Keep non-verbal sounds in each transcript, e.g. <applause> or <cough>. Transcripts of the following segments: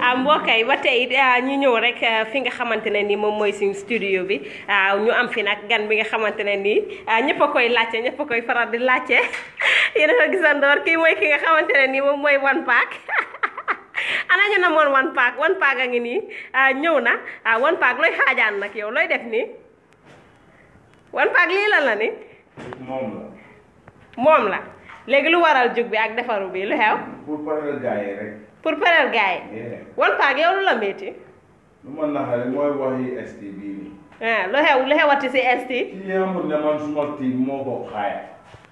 Ah, mbokk yi ba tey ah, ñu ñëw rek ah, fi nga xamante ne ni moom mooy suñu studio bi ñu am fi nag gan bi nga xamante ne nii ñëpp a koy laajte ñëpp koy faral di laajte <laughs> yéen a ko gisandoor kii mooy ki nga xamante ne nii moom mooy One Pac <laughs> ana ñu namoon One a ngi nii ñëw na One Pac looy xaajaan looy def nii One Pac lii lan la moom la léegi lu waral jug bi ak defaru bi lu xew pour pareel gars yi. wal paak yow lu la métti. lu ma naxare mooy waxi ST bii nii. ah lu xew lu xewati si ST. kii man suma team moo ko xaaya.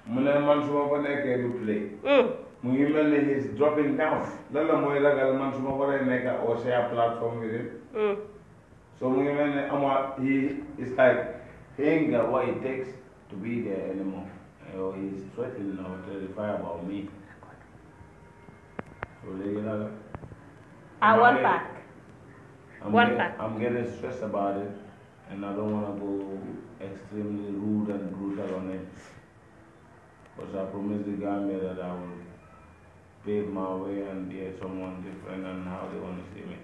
mu ne man suma ko nekkee du play. Mm. mu ngi mel ni dropping down. lan la mooy ragal man suma ko lay nekk au share platform yi de. Mm. so mu ngi mel ama he is like saying that what it takes to be there anymore. he is threatening or terrified about me. Ah, I one back. pack. I'm one get, pack. I'm getting stressed about it, and I don't want to go extremely rude and brutal on it. Because I promised the Gambia that I will pave my way and be someone different and how they want to see me.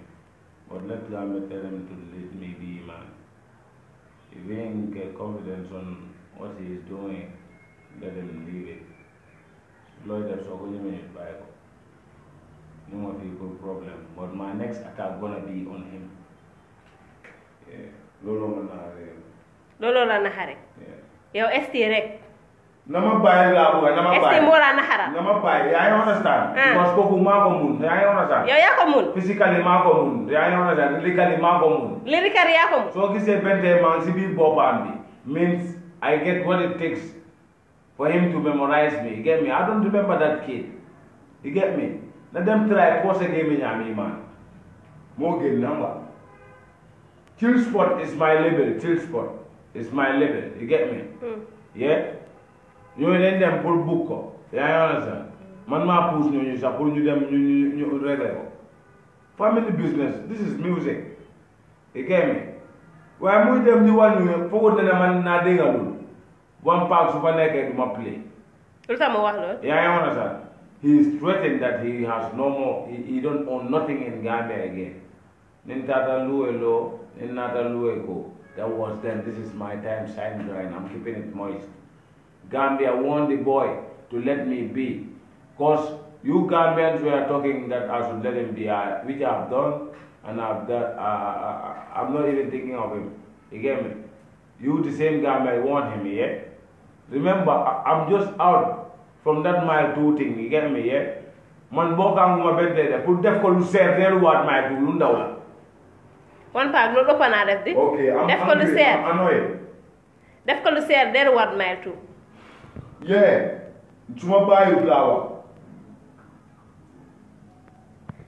But let Gambia tell them to let me be, man. If he ain't get confidence on what he is doing, let him leave it. Lloyd, that's all you mean by no more vehicle problem but my next attack gonna be on him yeah looloo nahare. Lolo looloo la naxare yow ST rek na ma bàyyi laa bëgg na ma bàyyi ST moo la naxara na ma bàyyi yaa understand parce ah. que kooku maa ko mun I understand Yo, yaa ko mun physically maa ko mun I understand lyrically maa ko mun lyrically yaa ko mun soo gisee bentee man si biir boppam means I get what it takes for him to memorize me you get me I don't remember that kid you get me na dem try poose gémmiñ am imaan moo gën namba chill spot is my label chill spot is my label you get me hmm. yeah ñooñu leen dem pour book ko yaa ngi understand hmm. man maa puus ñooñu sax pour dem ñu ñu ko family business this is music you get me waaye muy dem ñu wàññi foogoon na ne man naa déggalul one pack su fa nekkee du ma play lu tax ma wax loolu yaa he threatened that he has no more, he, he don't own nothing in Gambia again. Nintata Luelo, Ninata Lueko. That was then, this is my time, sign dry, I'm keeping it moist. Gambia warned the boy to let me be. Because you Gambians were talking that I should let him be, I, uh, which I have done, and I've done, uh, uh, uh I, am not even thinking of him. You get me? You, the same Gambia, warned him, yeah? Remember, I'm just out from that mile two thing you get me yeah man boo gànguma benn day def pour def ko lu seer delluwaat mile two lu ndaw la. one pack loolu ëpp naa def di. def ko lu seer def ko lu seer delluwaat mile two. yeah su ma bàyyiwul laa wax.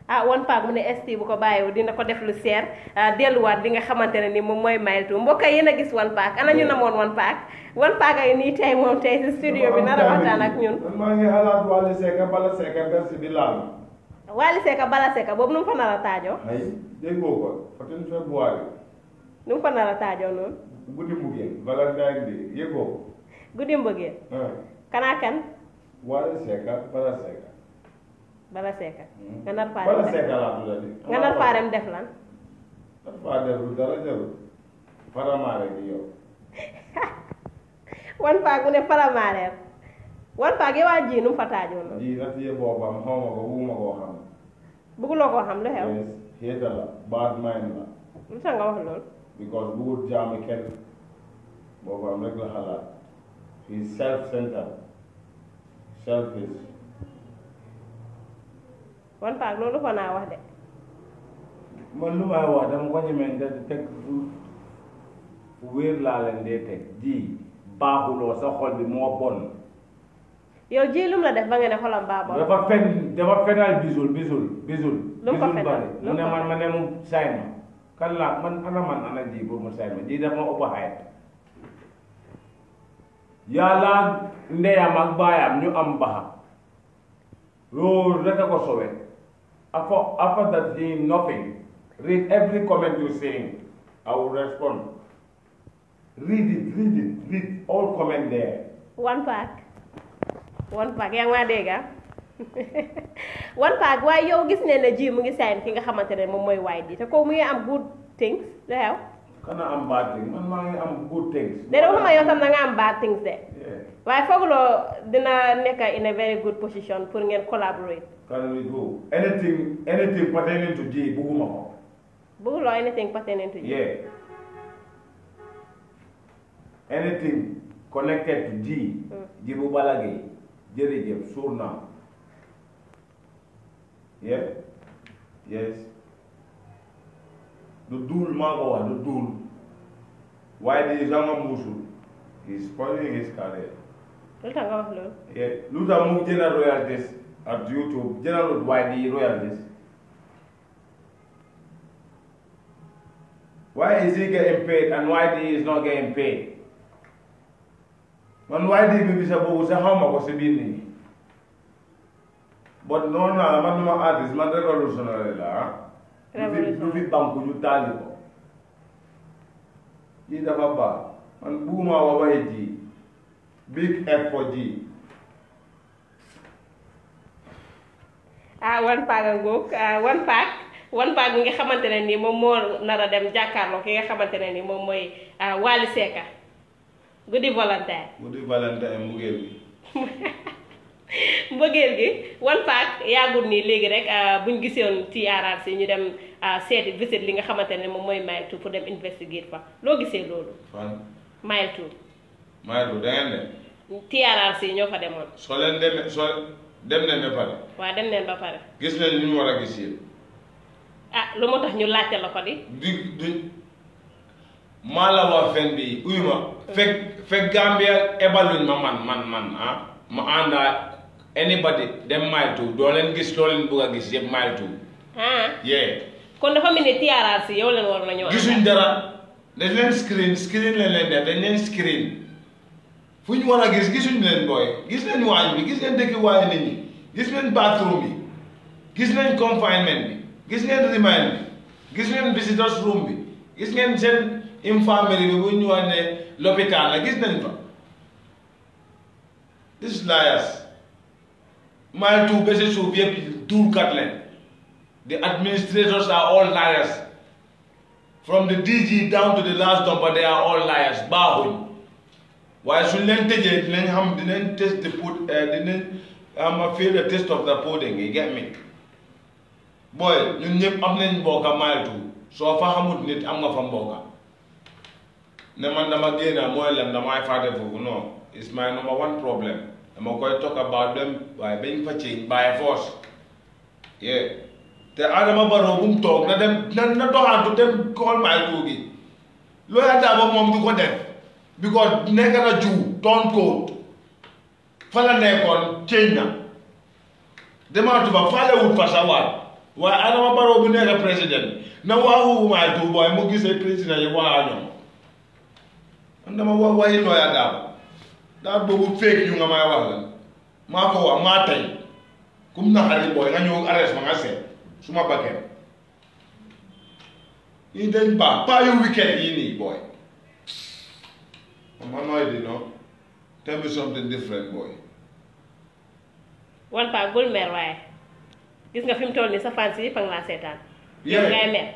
ah one pack mu ne ST bu ko bàyyiwul dina ko def lu seer ah, delluwaat li nga xamante ne ni moom mooy Mile 2 mbokk yéen a gis one pack ana ñu namoon one pack one pack ay nii tey moom tey si studio bi nar a waxtaan ak ñun. man maa ngi xalaat Wally Seck Bala bi laal. Wally Seck Bala boobu nu mu fa nar taajoo. ko fatin February. nu a taajoo noonu. guddi mbëggeel Valentine bi yëgoo. guddi mbëggeel. Ah. kanaa kan. Wally bala seeka hmm. nga nar faa dem def nga nar faa dem def lan nar faa def lu dara jarul faramaare gi yow <laughs> wan faa gu ne faramaareer wan faa gi waa ji nu mu fa taajoon na ji nag yee boobam xaw ma ko bugguma koo xam bugguloo koo xam lu xew xeeta la bad mind la lu tax nga wax lool because buggul jaamu kenn boobam rek la xalaat he self centered selfish kon Faak loolu ko naa wax de. man lu may wax dama ko ñemee da teg wér laa leen dee teg ji baaxuloo sa xol bi moo bon. yow ji lum la def ba nga ne xolam baa bon. dafa fen dafa fenal bisul bisul bisul. lu ko fenal bisul bari mu ne ma ne mu saay ma kan laa man ana man ana ji pour mu saay ma ji dafa ëpp xayat. yàlla ndeyam ak baayam ñu am baxa loolu rek ko sowe After, after that saying nothing, read every comment you're saying. I will respond. Read it, read it, read all comment there. One pack. One pack. Yang ma ah? <laughs> One pack. Why you gis energy? na ji mu ngi sign ki wide te ko am good things. Lu xanaa am bad things man maa ngi am good things. de waxuma yow tam da nga am bad things de. waaye fooguloo dina nekk in a very good position pour ngeen collaborate. can we do anything anything pertaining to ji bugguma ko. bugguloo anything pertaining to ji. yeah anything connected to ji. ji hmm. bu balage jërëjëf suur naa yeah yes. The Dudul Magoa, dual. Why the Zanga Musu is spoiling his career. Yeah, Luther moved general royalties at YouTube, general why the royalties. Why is he getting paid and why he is not getting paid? Man, why did we be supposed to how much was it But no, no, man, no artist, man, revolutionary, lah. Huh? révolution lu fi banque ñu taali ko lii dafa baax man bugguma wawaye ji big expo ji ah One Pac a ngoog ah, One Pac One Pac bi nga xamante ne nii moom moo nar dem jàkkaarloo ki nga xamante ne nii moom mooy ah, Wally Seck guddi Valentin guddi Valentin mu ngeen <laughs> mbëggeel gi one pack yàggul nii léegi rek euh, buñ gisoon ci ARC si ñu dem euh, seeti visite li nga xamante ne moom mooy Mile 2 pour dem investiguer fa loo gisee loolu. fan. Mile 2. Mile 2 da dem. TRRC ñoo fa demoon. soo leen demee soo dem nañ ba pare. waaw dem nañ ba pare. gis nañ li ñu war a gis yéen. Ah, lu mu tax ñu laajte la ko di. di di maa la wax fen bi uyu ma. Mm. fekk fekk Gambia ebaluñ ma man man man ah ma àndaa. anybody dem mile two doo leen gis loo leen bëgg a gis yëpp mile two. Ah. yee. kon dafa mel ni TRRC yow leen war nañoo. gisuñ dara dañ leen screen screen leen leen def dañ leen screen fu ñu war a gis gisuñ leen booy gis leen waañ bi gis leen dek waayu nit gis leen bathroom bi gis leen confinement bi gis ngeen remind bi gis ngeen visitors room bi gis ngeen seen infirmerie bi bu ñu wax ne l'hôpital gis nañ fa this is maa tuub ba si suuf yëpp tuurkat leen the administrators are all liars from the DG down to the last dumper they are all liars baaxuñ waaye suñ leen tëjee dinañ xam dinañ test the put eh, dinañ am feel the test of the pudding you get me booy ñun ñëpp am nañ mbokka maa tuub fa xamut nit am nga fa mbokka ne man dama génn mooy lem damay fàtte foofu non it's my number one problem I'm going to talk about them by being purchased by force. Yeah. The Adama Barrow boom talk, na them, na na dohan to call my kogi. Lawyer Dabo mom to go them because nekk na Jew doon code fa la nekkoon change na demaatu ba faalewul fa sa waat waaye Adama Barrow bu nekk président na waaxu maay tuubooy mu gisee président yi waxaa ñoom man dama wax waxi Lawyer Dabo taar boobu féeg yu nga may wax la maa ko wax maa tey kum naxari booy nga ñëw arrêté ma nga seet su ma bakkee ñii dañ baax pas yu weekend yii nii booy man nooy di noonu tell me something different booy wan paa bul mer waaye gis nga fi mu nii sa fans yi yëpp laa seetaan yow ngay mer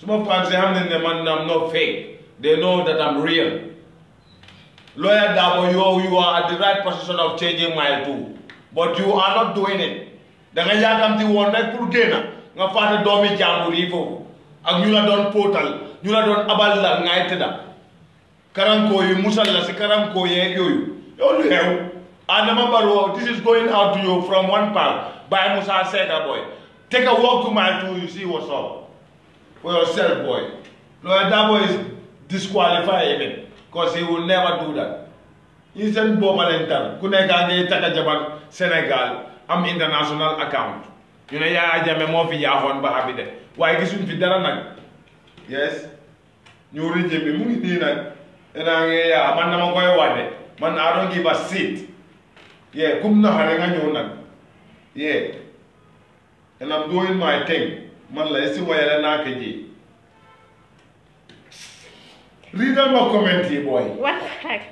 su ma fans yi xam ne ne man am not fake they know that I'm real Lawyer Dabo, you, you are at the right position of changing my too. But you are not doing it. da nga yaakamti woon rek pour génn nga faate doomi jàmbur yi foofu ak ñu la doon póotal ñu la doon abal la ngay tëdda karankoo yu musal la si karankoo yeeg yooyu yow lu xew Adama Barrow this is going out you from one part by Musa Seka boy take a walk to my tour you see what's up for yourself boy Lawyer Dabo is disqualified even because he will never do that ñi seen booba leen ku nekkaa ngay takka jabar Sénégal am international account ñu ne Yaya Jammeh moo fi yaaxoon ba xabi de waaye gisuñ fi dara nag yes ñu régime mu ngi nii nag danaa ngi yaa man dama koy man I don't give a shit yeah kum naxare nga ñëw nag yeah and I'm doing my thing man la si wayale naa ko lii dal ma comment yi booy. one fact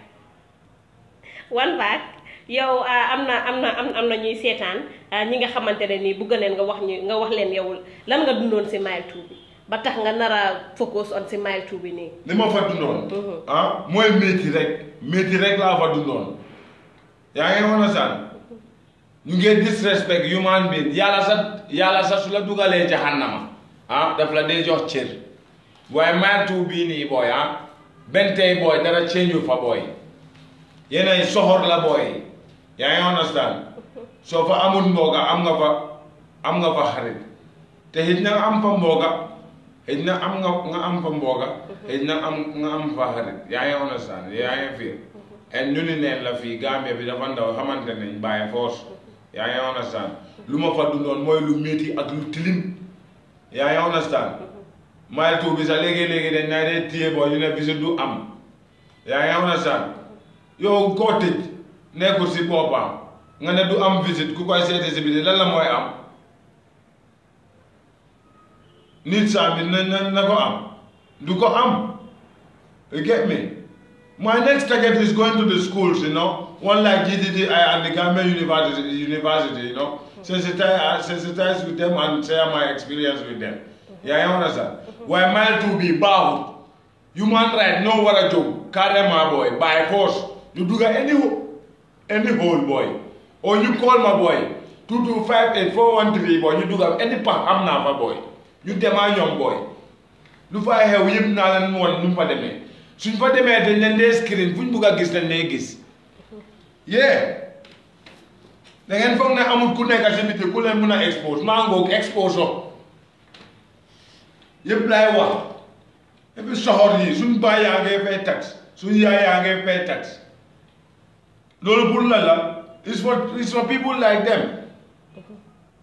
one fact yow ah, am na am na am na ñuy seetaan ah, ñi nga xamante ne nii bëgg leen nga wax ñu nga wax leen yow lan nga dundoon si mile two bi ba tax nga nar a focus on si mile two bi nii. li ma fa dundoon. Mm-hmm. ah mooy métti rek métti rek laa fa dundoon yaa ngi woon saan mm-hmm. disrespect human being yàlla sa yàlla sa su la dugalee jahannama ah, daf la dee jox cër waaye mile two bii nii booy Bentay boy, nara change you for boy. Yena is la boy. Yeah, you understand? So for amud moga, am nga fa, am nga fa harid. Te hitna am pa am nga nga am pa moga, hitna am nga am fa harid. Yeah, you understand? Yeah, you feel. And ñu ni neen la fii Gambia bi dafa ndaw xamante nañ bàyyi force yaa ngi understand lu ma fa dundoon mooy lu métti ak lu tilim yaa ngi understand maa tuub bi sax léegi-léegi dañ naa dee téye boo ñu ne visite du am yaa ngi am na sax yow koo tëj nekkul si boppam nga ne du am visite ku koy seeti si biti lan la mooy am nit sax bi na na ko am du ko am you get me my next target is going to the schools you know one like GDDI and the Gambia University University you know sensitize with them and share my experience with them. yaa ngi understand waaye mile two bi baaxut human right ñoo war a jóg carrément booy by force ñu dugga any any hole booy oo ñu call ma booy two two five eight four one three booy ñu dugga any pax am naa fa booy ñu demaa ñoom booy lu fa xew yëpp naa leen nu mu fa demee suñ fa demee dañ leen dee screen fu ñu bugg a gis dañ lay gis yee da ngeen foog ne amul ku nekk si biti ku leen mun a expose maa ngoog expose o yëpp laay wax et puis soxor yi baay yaa ngay fay tax suñ yaay yaa ngay fay tax loolu pour la la it's for it's people like them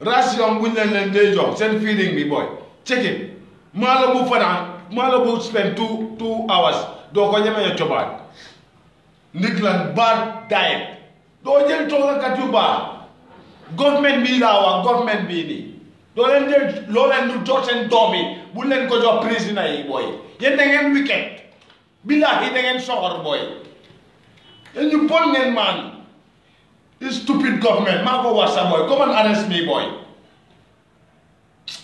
ration buñ leen leen day jox seen feeding bi booy cekin maa la bu fanaan maa spend two hours doo ko ñemee cobaat ndig lan bad diet doo jël toogakat yu baax government bii laa wax government bii nii do len de lo len dul jot sen domi bu len ko jox president yi boy yen da ngeen wicket billahi da ngeen soxor boy yéen ñu bon ngeen maan stupid government ma ko wa sa boy come and arrest me boy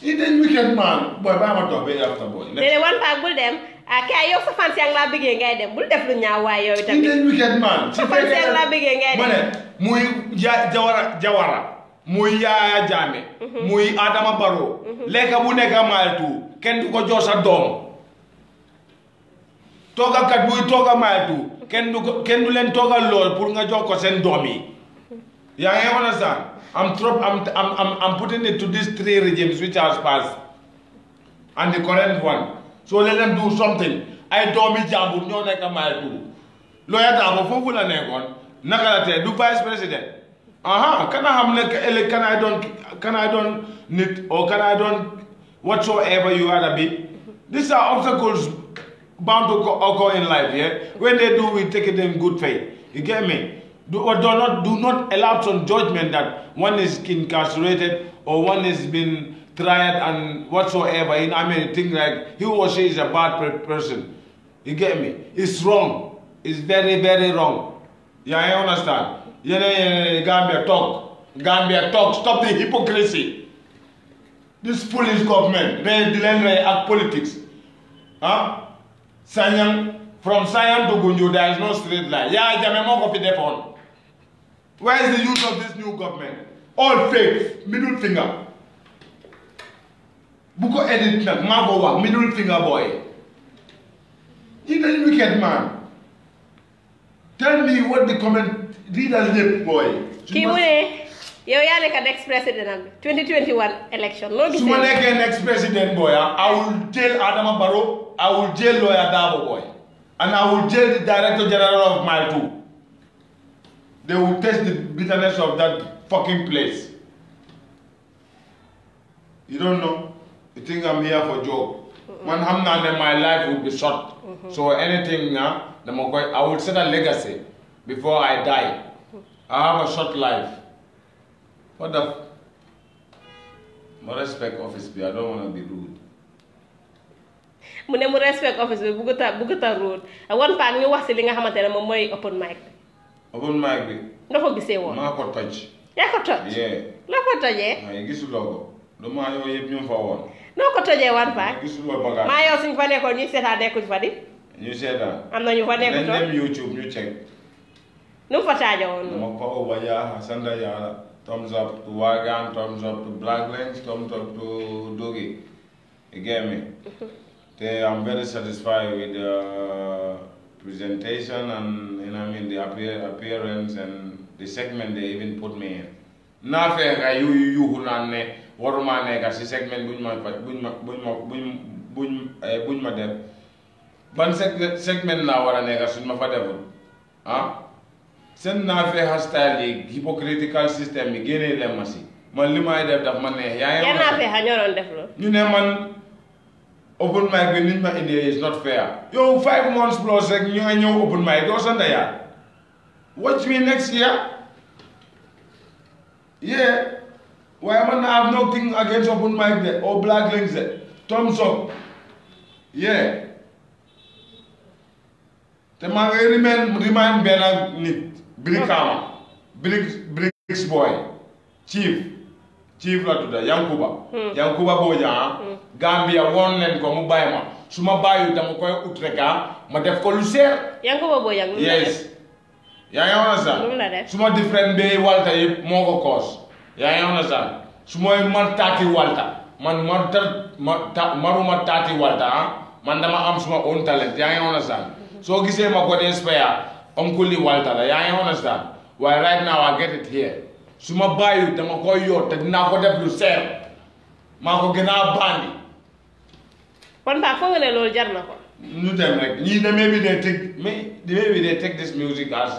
ni dañ wicket man boy ba ma dox ba yàlla booy. déedéet wan paa bul dem ah kay yow sa fan ak laa ngay dem bul def lu ñaaw weekend yow tam ni dañ wicket man sa fan ak laa ngay dem mané muy jawara jawara. muy Yaaya Jaame mm-hmm. muy Adama Barrow mm-hmm. lekka bu nekka maaltu kenn du ko jox sa doom toogakat buy tooga maaltu kenn du kenn du leen toogal lool pour nga jox ko seen doom yi mm-hmm. yaa ngi understand am trop am am am putting it to these three regimes which has passed and the current one so let them do something ay doomi jàmbur ñoo nekk maaltu looya Darboe foofu la nekkoon naka la tee du vice président Aha, uh-huh. can I have eh, like, can I don't can I don't need or can I don't whatsoever you rather be? These are obstacles bound to occur in life, yeah? When they do, we take it in good faith. You get me? Do, or do not do not elapse on judgment that one is incarcerated or one is been tried and whatsoever. You I mean, think like he or she is a bad person. You get me? It's wrong. It's very, very wrong. Yeah, I understand. Yene eh, Gambia talk. Gambia talk. Stop the hypocrisy. This foolish government. They dealing with politics. Huh? Ah? Sanyang, from Sanyang to Gunju, there is no straight line. Yeah, I Jame Moko phone. Where is the use of this new government? All fake. Middle finger. Buko edit na, middle finger boy. He's a wicked man. Tell me what the comment reader's name boy. kii You are like an ex-president. president of 2021 election No, you are like an ex president boy ah, I will jail Adama Barrow I will jail lawyer Dabo boy and I will jail the director general of my 2. They will taste the bitterness of that fucking place. You don't know. You think I'm here for job. Mm -mm. I'm not, my life will be short. Mm -hmm. So anything now. Ah, dama koy I will set a legacy before I die I have a short life ma respect office bi I don't wanna be rude. mu ne mu respect office bi bugg ta bugg ta rude one part ñu wax si li nga xamante ne moom mooy open mic bi. open mic bi. nga ko gisee woon maa ko toj. yaa ko toj. la ko tojee. waaye gisuloo ko damaa yow yëpp ñu fa woon. noo ko tojee one part. gisuloo bagage maa yow fa nekkoon ñu seetaan nekkuñ fa di. You said that. Uh, na ñu fa nekk toog nañ dem YouTube ñu check. nu mu fa taaja woon noonu. ma ko waya santa thumbs up to Wagan thumbs up to Black Lens thumbs up to Dogi you get me. <laughs> te I'm very satisfied with the uh, presentation and you know I mean the appear appearance and the segment they even put me in. Nothing. you you yu yu yuuxu naan ne waruma nekka si segment buñ ma buñ ma buñ ma buñ buñ eh, ma def. ban segment naa war a nekk suñ ma fa deful ah seen naa fee hashtag yi hypocritical system yi génnee leen ma si man li may def daf ma neex. yaa ngi naa fee ñoo doon def loolu. ñu ne man open mic bi niñ ma indee is not fair. yow five months plus rek ñu nga ñëw open mic doo sa ndeyaa watch me next year yeah waaye man I have nothing against open mic de or black links de thumbs up yeah. te maa ngi remind remind benn nit Brikama Brik Bricks boy chief chief la tudda Yankuba hmm. Yankuba boja hmm. Gambia won len ko mu bayma suma bayu dama koy ut rek ah, ma def ko lu cher Yankuba Bojang yes yang yang woon sa suma different be walta yëpp moko kos, yang yang ngi sa suma man taati walta man man tar maruma walta ah, man dama am suma own talent yang ngi woon sa soo gisee ma ko dee spare oncle Walter la yaa ngi understand waaye right now I get it here su ma bàyyi dama koy yor te dinaa ko def lu seer maa ko gën a bandi kon baa foog ne loolu jar na ko ñu dem rek ñii de maybe they take may maybe they take this music as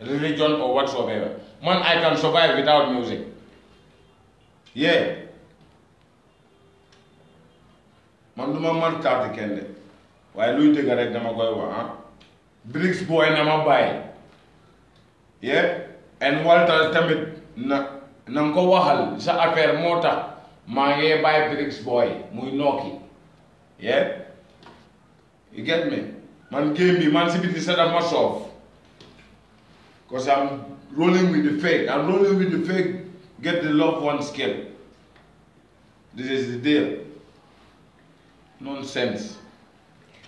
religion or whatsoever man I can survive without music yeah man du ma mën taati kenn de waaye luy dëgg rek dama koy wax ah Brix boy nama bàyyi yeah and Walter tamit na na nga ko waxal sa affaire moo tax boy muy yeah you get me man game bi man si biti sa daf ma cause I'm rolling with the fake I'm rolling with the fake get the loved ones killed this is the deal nonsense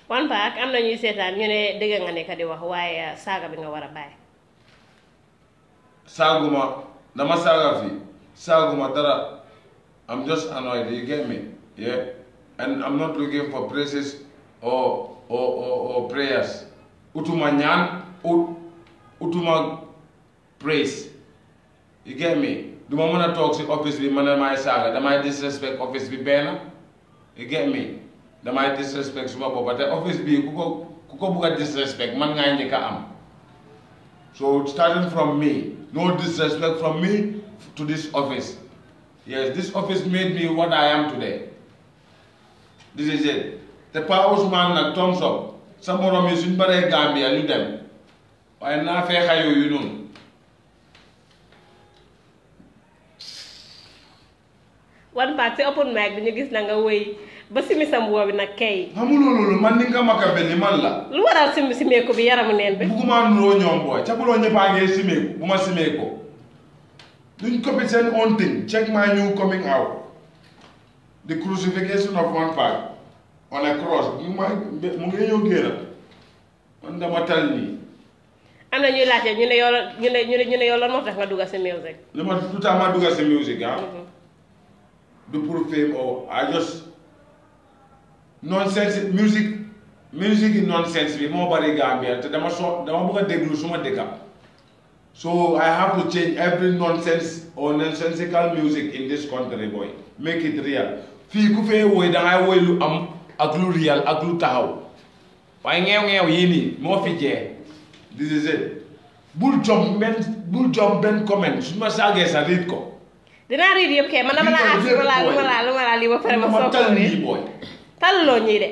one i am uh, na ñuy seetaan ñu ne dëgg nga nekk di wax waaye saaga bi nga war a bàyyi. saaguma dama saaga fii saaguma dara I'm just annoyed you get me yeah and I'm not looking for praises or or or prayers utuma ñaan utuma praise you get me duma mën a toog si office bi ma ne maay saaga damay disrespect office bi benn you get me. damay disrespect suma boppa te office bii ku ko ku ko bugg a disrespect man ngaa njëkk a am so starting from me no disrespect from me to this office yes this office made me what I am today this is it te Pa Ousmane nag thumbs up sa morom yi suñ baree Gambia ñu dem waaye naa feexa yooyu noonu one part si open mic bi ñu gis na nga ba simisam boobu nag kay. xamuloo loolu man ni nga ma ka man la. lu waral simi bi yaramu neen bi. bugguma nuroo ñoom booy ca buloo ñëpp a ngee simeeku bu ma simeekoo duñ copy seen own thing check my new coming out. the crucifixion of one back on a cross mu ma mu ngi ñëw génn man dama tal nii. am na ñuy laajte ñu ne ne ñu ne tax nga dugg si music. li ma lu tax ma dugg si music ah. Mm-hmm. du pour fame oh I just. nonsense musique musique yi nonsense bi moo bëri Gambia te dama so dama bëgg a déglu suma dëkka so I have to change every nonsense or nonsensical music in this country boy make it real fii ku fee woy dangay woy lu am ak lu real ak lu taxaw waaye ngeew-ngeew yii nii moo fi jee this is it bul jom benn bul jom benn comment su ma saagee sa riit ko dinaa riit yëpp kay man dama laa as lu ma laa lu ma laa li ba pare ma soog ko tan lo ñi de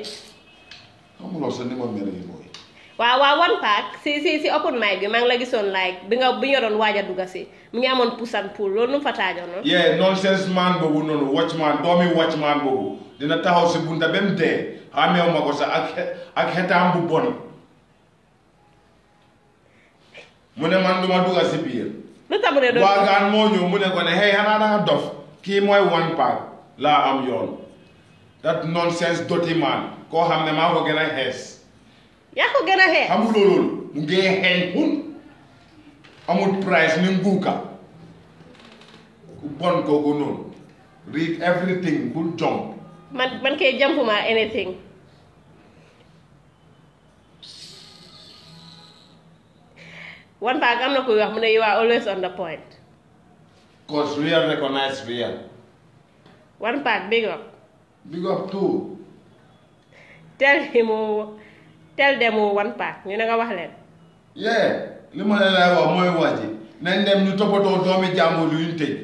xamuloo sa ni ma mere yi mooy waaw one pack si si si open mic bi lagi ngi la like bi nga bi nga doon waaj si mi ngi pusan pool lo nu mu fa yeah nonsense man boobu noonu watchman doomi watchman boobu dina taxaw si bunta ba mu dee xàmmeewu ma ko sax ak ak xetaam bu bon mune ne man duma si biir lu tax mu ne doon waagaan ko ne hey xanaa dof Ki mooy one pack la am yoon that nonsense dirty man koo xam ne maa ko gën a xees. yaa ko gën a xees. xamuloo loolu mu xeeñ xun amul price ni nguuka ku bon kooku noonu read everything bul jump. man man kay jampuma anything. one baag am na kuy wax mu ne you are always on the point. cause real recognize real. one baag big up. Big up to. tell him tell them one part ñu ne nga wax leen. yee li ma leen lay wax mooy wax ji nañ dem ñu toppatoo doomi jàmbur yu ñu tëj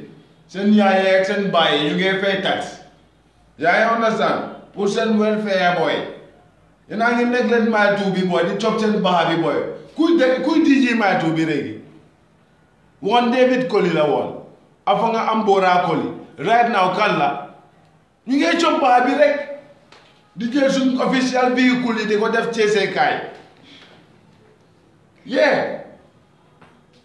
seen yaay ak seen baay ñu ngi fay tax yaa understand pour seen welfare booy yéen a ngi nekk leen may tuub bi booy di cob seen baax bi booy kuy de kuy diji may tuub bi léegi woon David Koli la woon afa nga am booraa Koli right now kan la. ñu ngee compaa bi rek di jël suñ official véhicule yi di ko def ceesekaay yee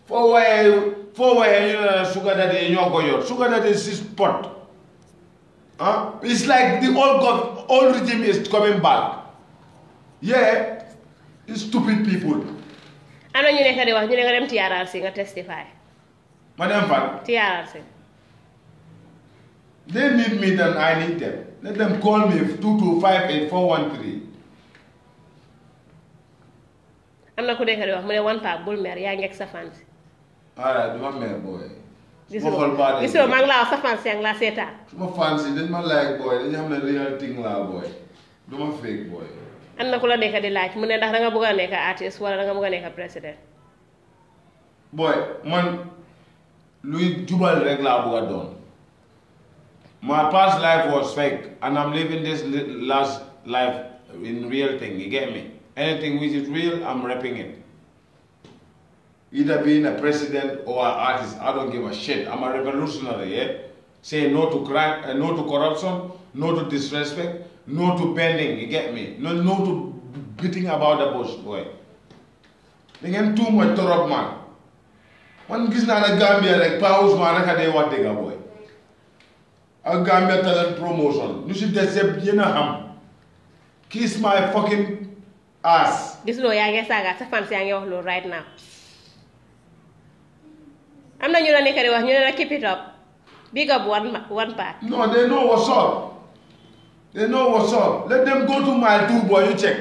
foo waaye foo waaye ñu ne sugar daddy ñoo ko yor sugar daddy six pot ah it's like the old gov old regime is coming back yeah stupid people am na ñu nekk di wax ñu ne nga dem TRRC nga testify ma dem fan TRRC They need me than I need them. Let them call me 2258413. am na ku nekk di wax mu ne one pack bul mer yaa ngi ak sa fans. ah dama mer booy. gisoo gisoo maa ngi laa wax sa fans yaa laa seetaan. suma fans yi dañ ma like booy dañu xam ne real thing laa booy du ma fake am na ku la nekk di laaj mu ne ndax da nga bëgg a nekk artiste wala da nga bëgg a nekk président. man luy jubal rek laa bëgg doon. My past life was fake, and I'm living this last life in real thing. You get me? Anything which is real, I'm rapping it. Either being a president or an artist, I don't give a shit. I'm a revolutionary. Yeah? Say no to crime, uh, no to corruption, no to disrespect, no to bending. You get me? No, no to beating about the bush, boy. They get too much torop man. One gets not a Gambia like Paus man, I can't do what they got, boy. ak Gambia Talent Promotion ñu si des yëpp yéen a xam kiss my fucking ass. gis loo yaa ngi saaga sa fans yaa ngi wax loolu right now am na ñu la nekk di wax ñu la keep it up big up one part. non they know what's up they know what's up let them go to mile two boy you check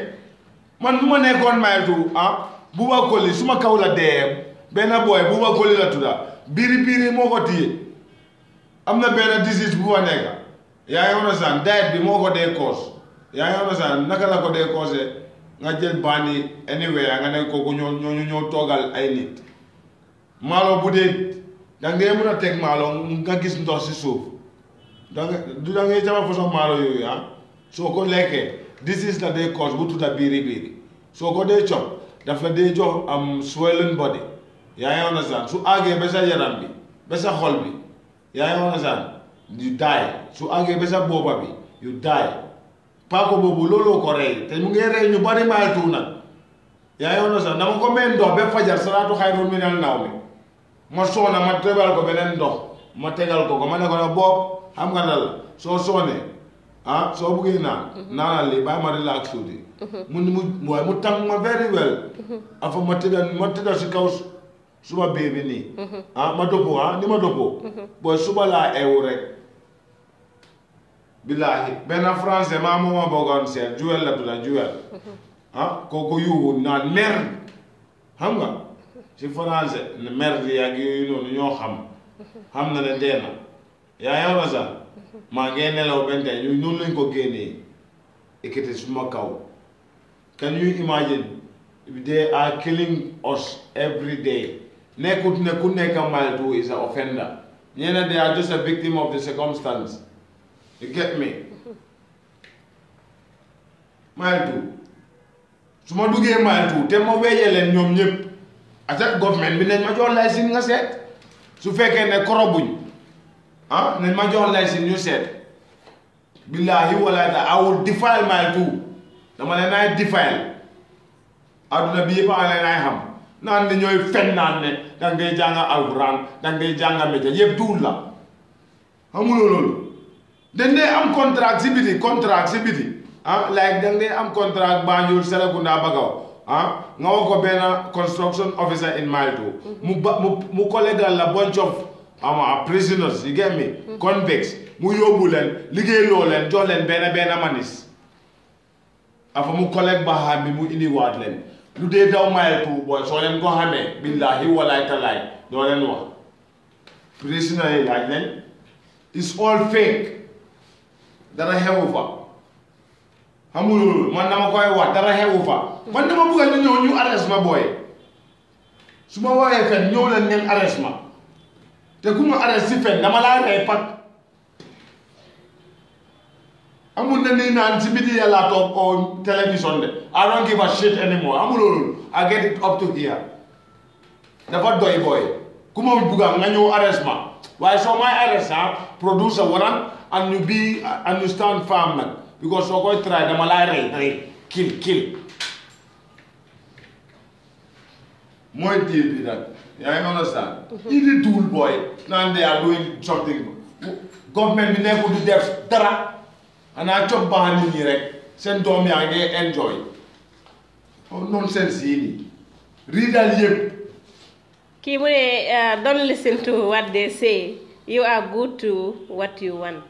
man bu ma nekkoon mile two ah Buba Colley suma kaw la dee benn boy Buba Colley la tudda biri biri moo ko téye. am na benn disease bu fa nekk yaa ngi saan diet bi moo ko dee cause yaa ngi understand naka la ko dee cause nga jël bànni anywhere nga ne kooku ñoo ñoo ñoo toogal ay nit maalo bu dee da ngay mën a teg maalo nga gis ndox si suuf da nga du da ngay jama façon maalo yooyu ah soo ko lekkee disease la dee cause bu tudda biiri biiri soo ko dee cop daf la dee jox am swollen body yaa ngi understand su àggee ba sa yaram bi ba sa xol bi yaay ngi understand you die su àggee ba sa booba bi you die paako boobu loolu ko rey te mu ngi rey ñu bari maay tuur nag yaa ngi understand dama ko may ndox ba fajar salaatu xayrun minal nawmi ma soona ma tegal ko beneen ndox ma tegal ko ko ma ne ko nag boob xam nga dal soo soonee ah soo buggee naan mhm. naanal lii bàyyi ma relax tuuti mhm. mu ni mu waaye mu tàng ma very well mhm. afa ma tëdda ma tëdda si kaw suba baby nii ah ma dëppoo ah ni ma dëppoo booy suba laa eewu rek billaahi benn français maa ma boogoon seet juwel la tudda juwel ah kooku yuuxu naan mer xam nga si français mer bi ak noonu ñoo xam xam na ne na yaa yaa sax maa ngee nelaw benn tey noonu lañ ko génnee ekkite suma kaw can you imagine they are killing us every day nekkut ne ku nekk mile two is a offender ñee ne they are just a victim of the circumstance you get me mile two su ma duggee mile two te ma weeye leen ñoom ñëpp attaque government bi nañ ma jox license nga seet su fekkee ne buñ ah nañ ma jox license ñu seet billaahi wala ta awul defile mile two dama leen ay defile adduna bi yëpp a leen ay xam naan ne ñooy fen naan ne da ngay jànga alxuraan da ngay jànga métier yëpp duul la xamuloo loolu dañ dee am contrat si biti contrat si biti ah like da ngay am ah, nga wax ko construction officer in Mile 2 mm-hmm. mu ba mu la bunch of prisoners you get me mm-hmm. convicts mu yóbbu leen liggéey loo leen jox leen manis afa mu collègue baxaam bi mu indiwaat leen lu dee daw maye tu boy soo leen ko xamee eh? billahi walaay talaay doo leen wax président yi laaj leen it's all fake dara xewu fa xamul loolu man dama koy wax dara xewu fa man dama bëgg ñu ñëw ñu arrest ma boy. su ma waxee fen ñëw leen ngeen arrest ma te ku ma arrest si fen dama laa rey pak amul na nii naan si biti yàlla toog o télévision de I don't give a shit anymore amul loolu I get it up to here dafa doy booy ku ma bugga nga ñëw arrest ma waaye soo may arrest ah produce and you be uh, and you stand firm nag because soo koy try dama laay rey rey kill kill mooy deal bi nag yaa ngi understand mhm. indi tool booy naan they are doing something government bi nekkul di def dara xanaa cob baax nit ñi rek seen doom yaa ngi enjoy oh, nonsense yii nii riidal yëpp kii mu ne uh, don't listen to what they say you are good to what you want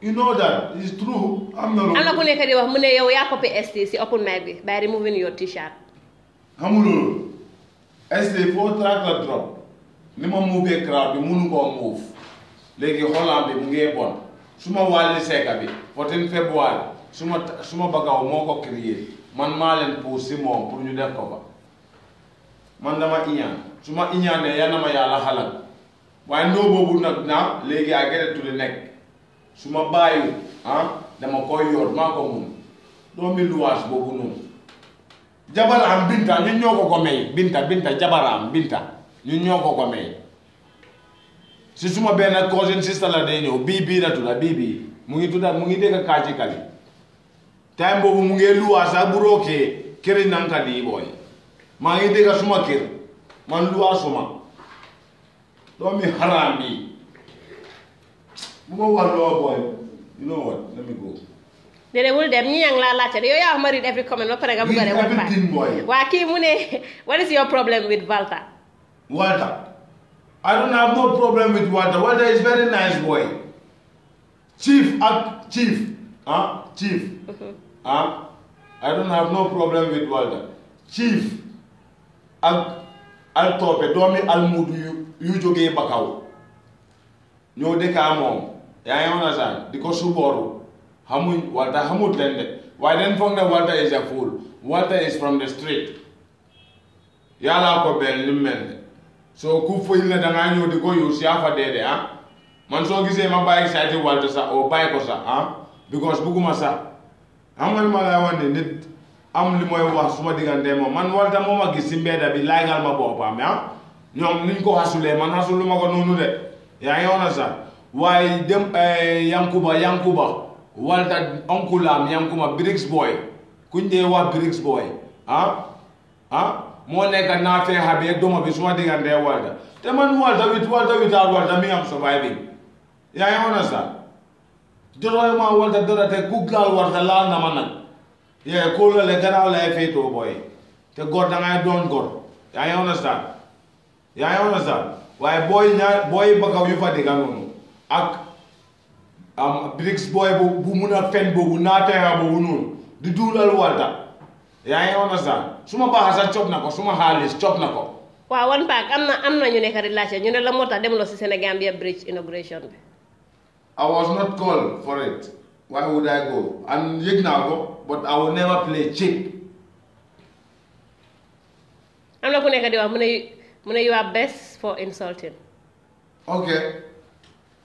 you know that it's true am na loolu am na ku nekk di wax mu ne yow yaa copy ST si open mic bi by removing your t-shirt xamul ST foo track la drop ni ma muubee crowd bi munu koo muuf léegi xoolaam bi mu ngee bon suma Wally Seck bi 14 février suma suma bagaw moo ko créé man maa leen pousse si moom pour ñu def ko fa man dama iñaan su ma iñaanee yal na ma yàlla xalal waaye ndoo boobu nag naa léegi ay gerte nekk su ma bàyyi ah dama koy yor maa ko mun doomi luwaas boobu noonu. jabaraam binta ñun ñoo ko ko may binta binta jabaraam binta ñun ñoo ko ko may. si suma benn cousin sister la day ñëw bii bii la tudda bii bii mu ngi tudda mu ngi dëkk kaaci kali time boobu mu ngi luwaa sax bu rookee këri nanka di booy maa ngi dëkk suma kër man luwaa suma doomi haram bi bu ma wax loo you know what let me go déedéewul dem ñi yang laa laajte de yow yaa mari every comment ba pare nga bëgg a dem waa kii mu ne what is your problem with Walter Walter I don't have no problem with Wada. Wada is very nice boy. Chief, uh, chief, huh? Chief, mm-hmm. huh? I don't have no problem with Wada. Chief, ak al toppe doomi almuudu yu yu jógee Bakaw ñoo dëkkaa moom yaa ngi woon sax di ko subooru xamuñ Walter xamut den foog ne Walter is a fool Walter is from the street yàllaa ko benn li mu so ku foyil ne dangaa ñëw di ko use yaa fa dee de ah man soo gisee ma bàyyi sayti waltu sax oo bàyyi ko sax ah because bugguma sax xam nga li ma lay wax ne nit am li mooy wax suma diggante moom man walta moo ma gis si mbedda bi laayngal ma boppam ah ñoom niñ ko xasulee man xasuluma ko noonu de yaa ngi woon sax waaye dem eh, yankuba yankuba walta onkulaam yankuba bricks boy kuñ dee wax bricks boy ah ah moo nekk naatee xabi ak e doma bi suma diggante walda te man walda wit walda without walda mi am surviving yaa ngi mën a sax jotooyu maa te ku laal walda laal na nag yee kóolu la gannaaw lay féetoo booy te góor da ngay doon yaa ngi mën yaa ngi mën waaye booy ñaar booy bakaw yu fa digga noonu ak am bricks bu mun a fen boobu naatee boobu noonu di duulal walda yaa ngi understand suma baax sax cob na ko suma xaalis cob na ko. waaw one pack am na am na ñu nekk di laajte ne la moo tax dem la si Senegambia bridge inauguration bi. I was not called for it. Why would I go? and yëg naa ko but I will never play cheap. am na ku nekk di wax mu ne mu ne you are best for insulting. ok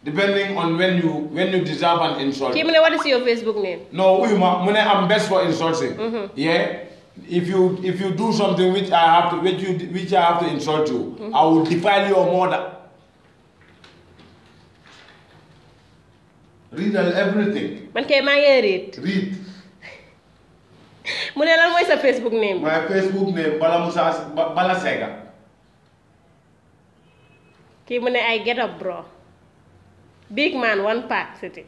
depending on when you when you deserve an insult. kii mu ne what is your Facebook name. non wuyu mu ne am best for insulting. Mm-hmm. if you if you do something which I have to which you which I have to insult you, mm -hmm. I will defile your mother. Read everything. man kay maa ngi read. read. <laughs> mu ne lan mooy sa Facebook name. my Facebook name Bala Musa Bala Sega. kii mu ne ay get up bro. big man one pack city.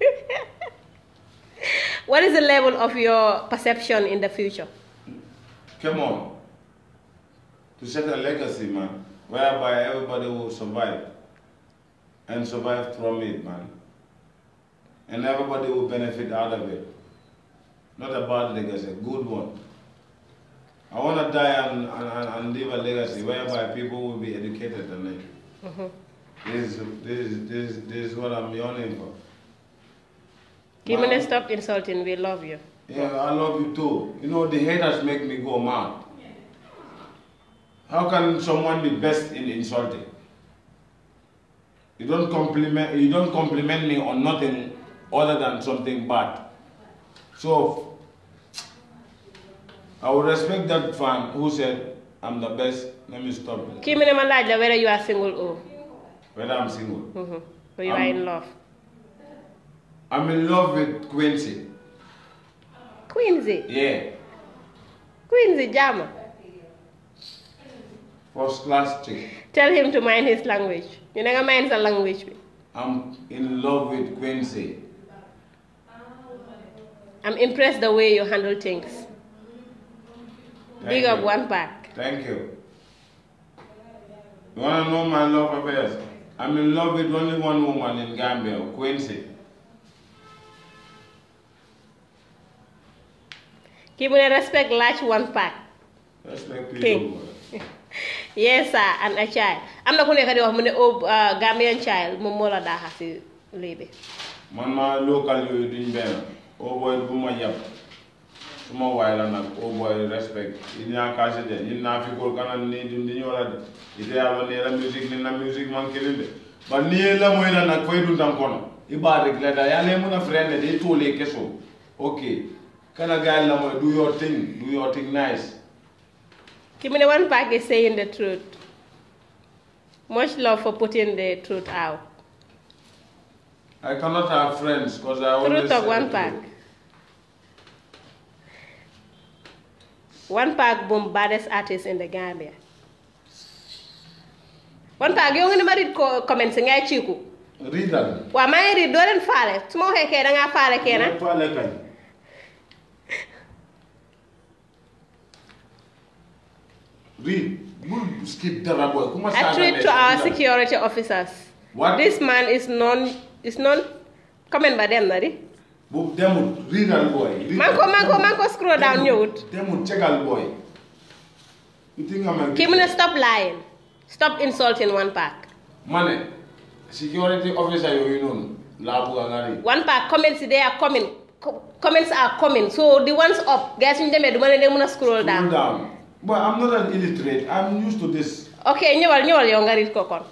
<laughs> <laughs> what is the level of your perception in the future? Come on. To set a legacy, man, whereby everybody will survive and survive from it, man. And everybody will benefit out of it. Not a bad legacy, a good one. I want to die and, and, and leave a legacy whereby people will be educated and mm -hmm. this, is, this, this, this is what I'm yearning for. Given well, stop insulting, we love you. Yeah, I love you too. You know, the haters make me go mad. How can someone be best in insulting? You don't compliment you don't compliment me on nothing other than something bad. So I would respect that fan who said I'm the best. Let me stop. Kimene whether you are single or whether I'm single. Mm -hmm. Or you I'm, are in love. I'm in love with Quincy. Quincy? Yeah. Quincy Jama. First class chick. Tell him to mind his language. You never mind the language. I'm in love with Quincy. I'm impressed the way you handle things. Thank Big you. up one pack. Thank you. You wanna know my love affairs? I'm in love with only one woman in Gambia, Quincy. kii mu respect large one pack. respect people. <laughs> yes sir and a child i am not going to di wax mu ne Gambian child moom moo la daaxa si local yooyu duñ benn oh boy bu ma yab suma waay la boy respect il n'y a qu'à se dire ñun naa fi góor not nii duñ di ñëw la de ite yàlla nee la musique ni na musique man kilin de ba nii la mooy la nag fay dundam kono i baa rek la daa yàlla mun a freiné de i tuulee kesoo ok. Can a guy do your thing, do your thing nice. the One Pack is saying the truth. Much love for putting the truth out. I cannot have friends because I always. Truth of One Pack. One Pack boom baddest artist in the Gambia. One Pack you only ni ma read comments ngay ciiku. Read them. Waaw maa read doo I tweet to our security officers. What? This man is non. Is non. Comment by them, Nari. Demut, read al boy. Manko, manko, manko, scroll down, Them will check al boy. You think I'm a. Kimuna, stop lying. Stop insulting one pack. Money. Security officer, you know. Labu Angari. One pack, comments, they are coming. comments are coming. So the ones up, guys, you them, they want to scroll down. Scroll down. Well, I'm not an illiterate. I'm used to this. Okay, you ñëwal yow nga read ko kon.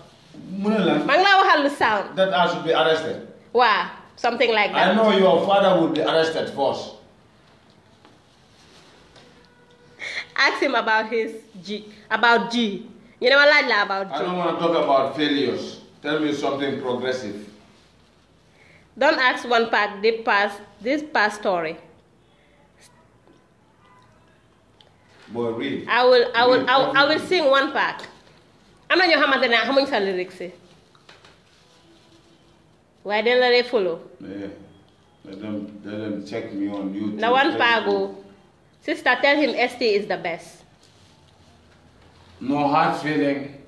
mu ne la. maa sound. that I should be arrested. Wow, something like that. I know your father would be arrested first. Ask him about his G about G. You I love about G. I don't want to talk about failures. Tell me something progressive. Don't ask one part this past this past story. boy really? I will I will I will, I will sing one part. am na ñoo xamante ne How sa lyrics Why don't they follow? follow. let them let them check me on YouTube. Now one go, sister tell him ST is the best. no hard feeling.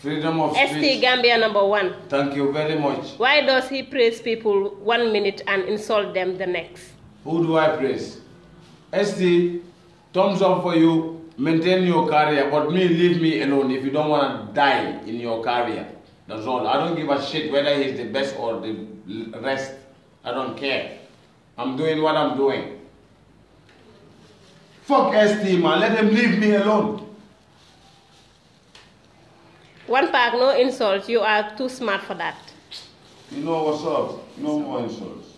Freedom of speech. ST Gambia number one. Thank you very much. Why does he praise people one minute and insult them the next? Who do I praise? ST Thumbs up for you. Maintain your career. But me, leave me alone if you don't want to die in your career. That's all. I don't give a shit whether he's the best or the rest. I don't care. I'm doing what I'm doing. Fuck ST, man. Let him leave me alone. One pack, no insults. You are too smart for that. You know what's up? No more insults.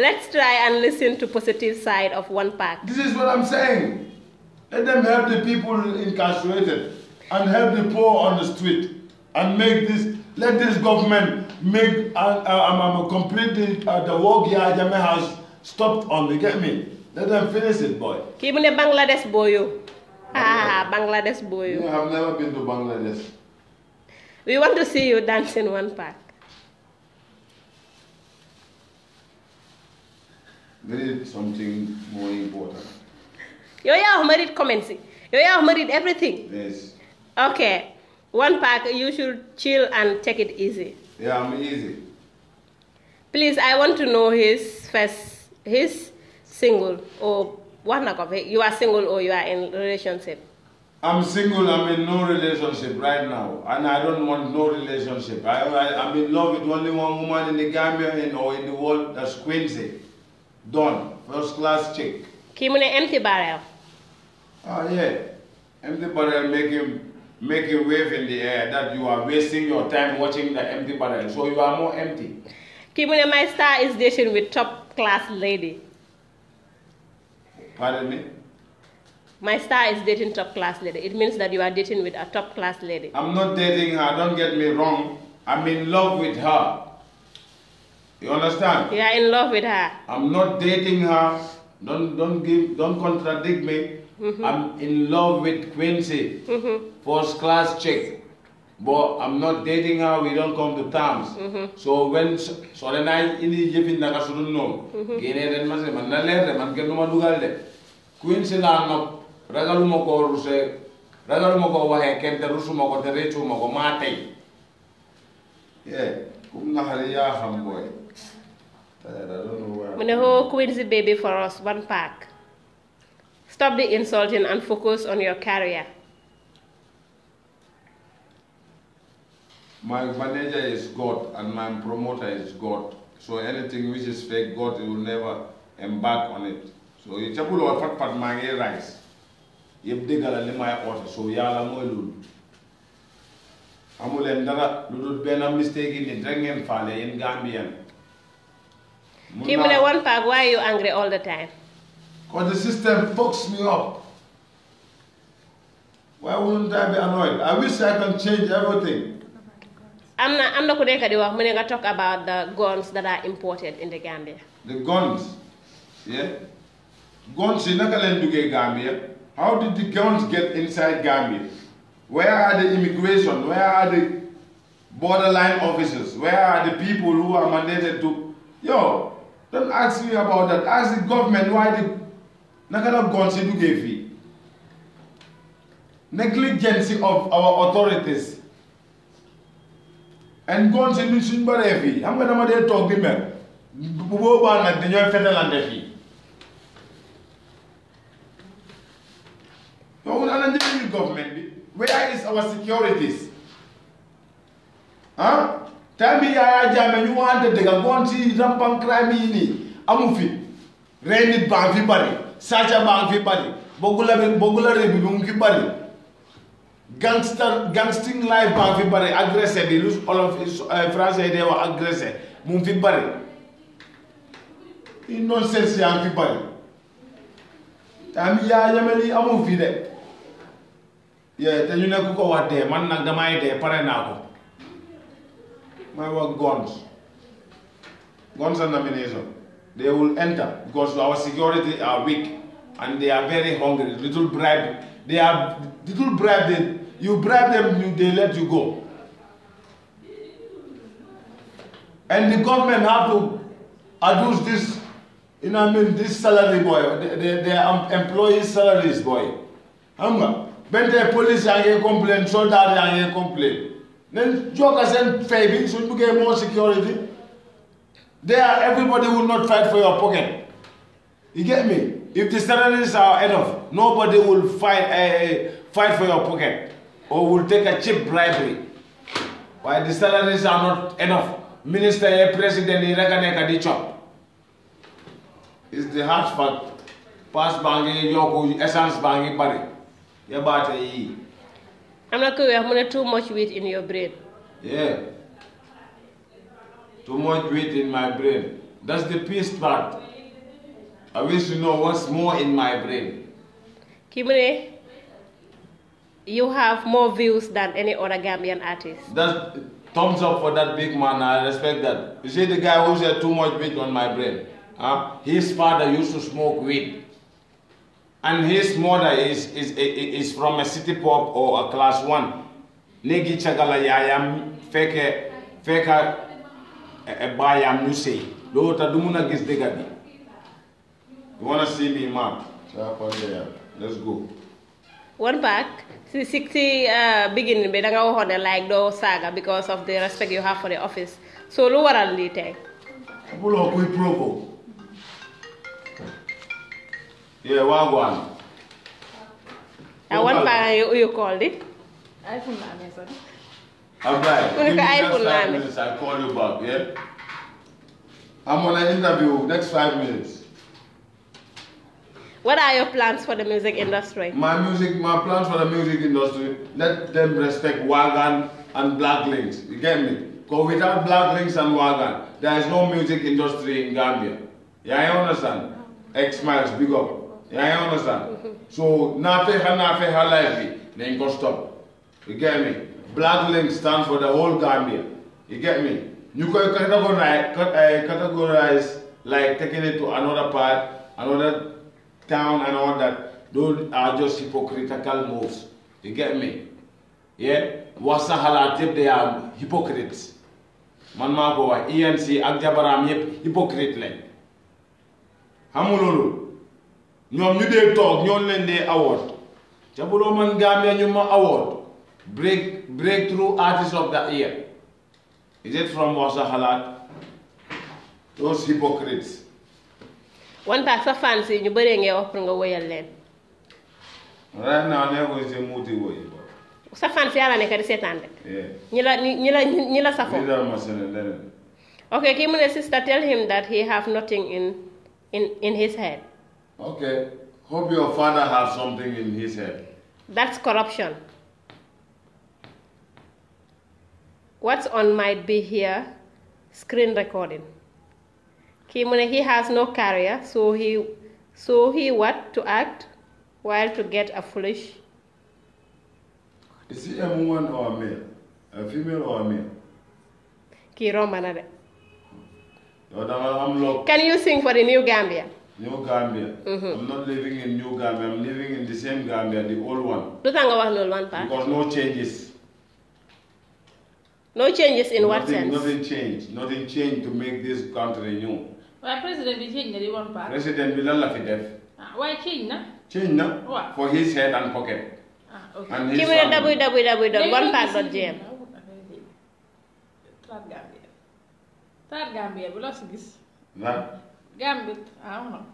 Let's try and listen to positive side of one pack. This is what I'm saying. Let them help the people incarcerated and help the poor on the street and make this, let this government make, uh, uh, um, complete the, uh, the work Yajame has stopped on, you get me? Let them finish it, boy. Keep me the Bangladesh, boyo. Ah, Bangladesh boyo. I've never been to Bangladesh. We want to see you dance in one pack. read something more important. You yaa married comments everything. yes. okay one pack you should chill and take it easy. yeah I'm easy. please I want to know his first his single or oh, one na you are single or you are in relationship. I'm single, I'm in no relationship right now, and I don't want no relationship. I, I, I'm in love with only one woman in the Gambia and, or in the world, that's Quincy done. First class check. kii mu the empty barrel. Oh yeah empty barrel make him make him wave in the air that you are wasting your time watching the empty barrel so you are more empty. kii mu my star is dating with top class lady. pardon me. My star is dating top class lady. It means that you are dating with a top class lady. I'm not dating her, don't get me wrong. I'm in love with her. You understand? You are in love with her. I'm not dating her. Don't don't give don't contradict me. Mm -hmm. I'm in love with Quincy. Mm -hmm. First class chick. But I'm not dating her, we don't come to terms. Mm -hmm. So when Solenai in the na kasurun nom, mm-hmm. gene the mase man na le de man kenu madugal Quincy na no mo ko ruse, ragalu mo ko wahe ken de rusu Yeah, kum na hariya I don't know Queen's baby for us, one pack. Stop the insulting and focus on your career. My manager is God and my promoter is God. So anything which is fake, God will never embark on it. So it's a good fat fat mangi rice. Yep digala ni my order. So yala mo lul. Amulen dara lulul benam mistake in the drengen fale in Gambian. Kimule one pack, why are you angry all the time? Because the system fucks me up. Why wouldn't I be annoyed? I wish I can change everything. I'm not, I'm not going to talk about the guns that are imported in the Gambia. The guns? Yeah? Guns in Nakalenduge, Gambia. How did the guns get inside Gambia? Where are the immigration? Where are the borderline officers? Where are the people who are mandated to... Yo, don't ask me about that ask government why the naka la gone si duggee fii negligence of our authorities and gone si ñun suñ baree fii xam nga dama dee toog bi mer bu boobaa nag dañooy fetalante fii yow ana njëriñu government where is our securities ah time bi Yaya Jammeh ñu waxante dëgg ngoon si rampant crime yi nii amu fi rey nit baa ngi fi bari sàcca baa ngi fi bari boogu la boogu la bi mu ngi fi bari gangster gangsting life baa ngi fi bari agressé bi lu olof eh, français yi day wax agressé mu ngi fi bari i nonsense yaa ngi fi bari time bi Yaya Jammeh lii amu fi de yee te ñu ne ku ko wax dee man nag damay dee pare naa ko My work guns guns and ammunition they will enter because our security are weak and they are very hungry little bribe they are little bribe they, you bribe them they let you go and the government have to adjust this you know I mean this salary boy their um, employees' employee salaries boy xam nga benn police are ngi complain soldat are ngi complain nañ jokka seen baby, so you get more security there everybody will not fight for your pocket you get me if the salaries are enough nobody will fight uh, fight for your pocket or will take a cheap bribery Why the salaries are not enough minister eh, président yi eh, recognize a nekk It's the hard fact pass your ngi yokku essence baa ngi bari yabaate yii i am not going to mu ne too much weight in your brain. yeah too much weight in my brain that's the peace part I wish to know what's more in my brain. kii you have more views than any other Gambian artist. that thumbs up for that big man I respect that you see the guy who said too much weight on my brain ah huh? his father used to smoke weed and his mother is, is, is, from a city pop or a class one. Negi chagala yayam feke feka bayam nusei. Lota dumuna gizdegabi. You wanna see me, map? Let's go. One back. since sixty uh, beginning bi da nga waxone like no saga because of the respect you have for the office. So lower waral li tay? Bulo kuy provoke. Yeah, Wagwan. Now, one fan you, you called it? iPhone sorry. I'm right. <laughs> five minutes, I'll call you back, yeah? I'm on an interview, next five minutes. What are your plans for the music industry? My music, my plans for the music industry, let them respect Wagan and Black Links. You get me? Because without Black Links and Wagan, there is no music industry in Gambia. Yeah, I understand? X Miles, big up. Yeah, ngi understand so naa fexe naa fexe life bi nañ stop you get me Black Link stands for the whole Gambia you get me You can categorize eh, categorize like taking it to another part another town and all that those are just hypocritical moves you get me yeah wax sa they are hypocrites man maa ko ENC ak hypocrite lañ xamu ñoom ñu dee toog ñoon leen dee award te bu doo man Gambia ñu ma award break breakthrough artist of the year is it from wax sa those hypocrites wanta sa fans yi ñu bëree ngay wax pour nga woyal leen right now nekkul si muuti woy sa fans yaa la nekk di seetaan rek ñi la ñi la ñi la safoo ok kii mu ne sister tell him that he have nothing in in in his head Okay. Hope your father has something in his head. That's corruption. What's on might be here? Screen recording. Kimune, he has no career, so he, so he what to act, while to get a foolish. Is he a woman or a male? A female or a male? Kiro Can you sing for the New Gambia? New Gambia. Mm -hmm. I'm not living in New Gambia. I'm living in the same Gambia, the old one. Lu tax nga wax loolu one part. Because no changes. No changes in nothing, what sense? Nothing changed. Nothing changed to make this country new. Why président bi change na one part. président bi lan la fi def. ah change na. change na. waaw for his head and pocket. ah ok and his family. ki mu ne dabuy one part doon jéem. Third Gambia. Third Gambia We lost this. gis. Gambit I don't know.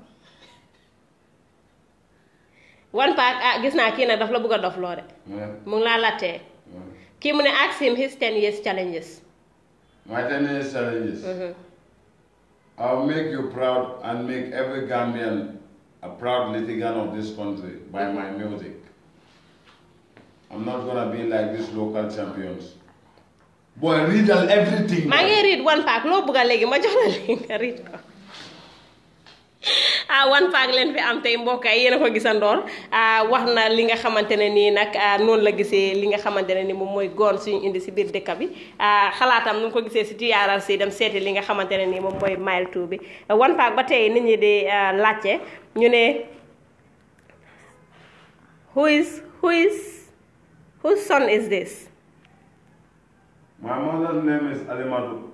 one part ah gis na kii na daf la bëgg a dof loo de. mu ngi ask him his ten years challenges. My ten years challenges. Mm-hmm. I'll make you proud and make every Gambian a proud litigant of this country by mm-hmm. my music. I'm not gonna be like these local champions. Boy, read everything. maa ngi read one pack loo bëgg legi. léegi ma jox la read ko ah wan paak leen fi am tey mbokk yi yéen a ko gisandoor ah, wax na li nga xamante ne nii nag ah, noonu la gisee li nga xamante ne ni moom mooy goon suñu indi si biir dëkk bi ah, xalaatam nu ngi ko gisee si tuyaaral si dem seeti li nga xamante ne nii moom mile two bi wan paak ba tey nit ñi di laajte ñu ne who is who is whose son is this my mother's name is Alimadu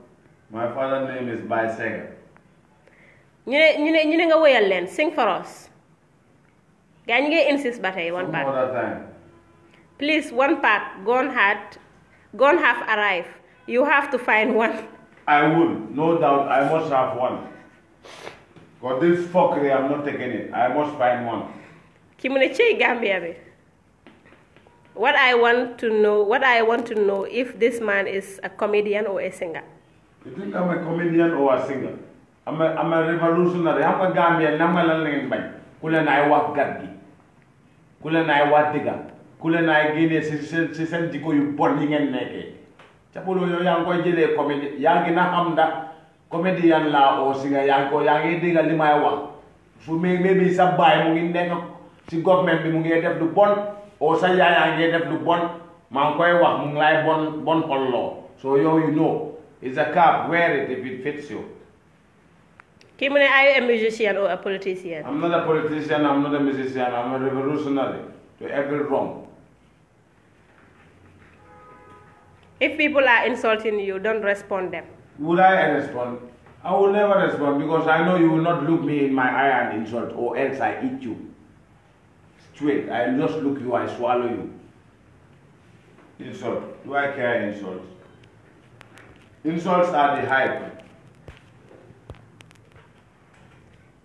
my father's name is Baisega ñu ne ñu ne ñu ne nga woyal leen sing for us gaa ñu ngi insist ba tey one part please one part gone had gone have arrived you have to find one I will no doubt I must have one because this fuckery I'm not taking it I must find one ki mu ne cey Gambia bi what I want to know what I want to know if this man is a comedian or a singer you think I'm a comedian or a singer am a am na révolutionnaire xam nga Gambien nam nga lan la bañ ku leen ay wax gat gi ku leen ay wax dëgga ku leen ay génnee si seen si yu bon yi ngeen nekkee capaloo yooyu yaa ngi koy jëlee comédie yaa ngi na am ndax comédien yaa ngi ko yaa ngi dégga li may wax fu may maybe sa baay mu ngi nekk si government bi mu ngi def lu bon oo sa yaay yaa ngi def lu bon maa ngi koy wax mu ngi lay bon bon xolloo so yow you know it's a cap wear it if I mu I'm a musician or a politician? I'm not a politician, I'm not a musician, I'm a revolutionary to every wrong. If people are insulting you, don't respond them. Would I respond? I will never respond because I know you will not look me in my eye and insult or else I eat you. Straight, I just look you, I swallow you. Insult. Do I care insults? Insults are the hype.